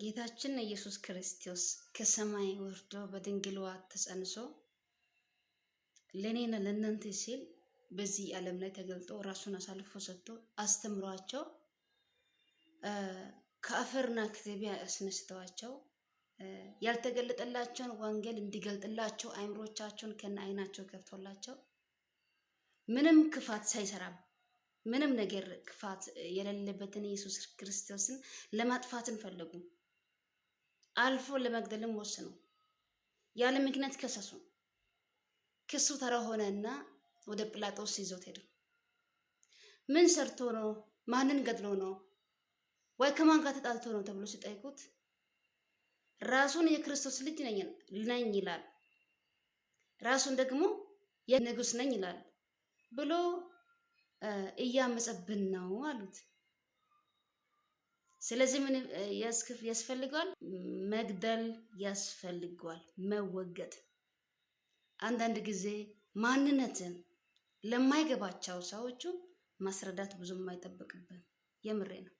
ጌታችን ኢየሱስ ክርስቶስ ከሰማይ ወርዶ በድንግልዋ ተጸንሶ ለእኔና ለእናንተ ሲል በዚህ ዓለም ላይ ተገልጦ ራሱን አሳልፎ ሰጥቶ አስተምሯቸው ከአፈርና ከትቢያ አስነስተዋቸው ያልተገለጠላቸውን ወንጌል እንዲገልጥላቸው አይምሮቻቸውን ከነ አይናቸው ከፍቶላቸው ምንም ክፋት ሳይሰራም ምንም ነገር ክፋት የሌለበትን ኢየሱስ ክርስቶስን ለማጥፋትን ፈለጉ። አልፎ ለመግደልም ወስነው ያለ ምክንያት ከሰሱ። ክሱ ተራ ሆነና ወደ ጲላጦስ ይዞት ሄዱ። ምን ሰርቶ ነው? ማንን ገድሎ ነው? ወይ ከማን ጋር ተጣልቶ ነው ተብሎ ሲጠይቁት ራሱን የክርስቶስ ልጅ ነኝ ይላል፣ ራሱን ደግሞ የንጉስ ነኝ ይላል ብሎ እያመፀብን ነው አሉት። ስለዚህ ምን ያስፈልገዋል? መግደል ያስፈልገዋል፣ መወገድ። አንዳንድ ጊዜ ማንነትን ለማይገባቸው ሰዎቹ ማስረዳት ብዙም አይጠበቅብን። የምሬ ነው።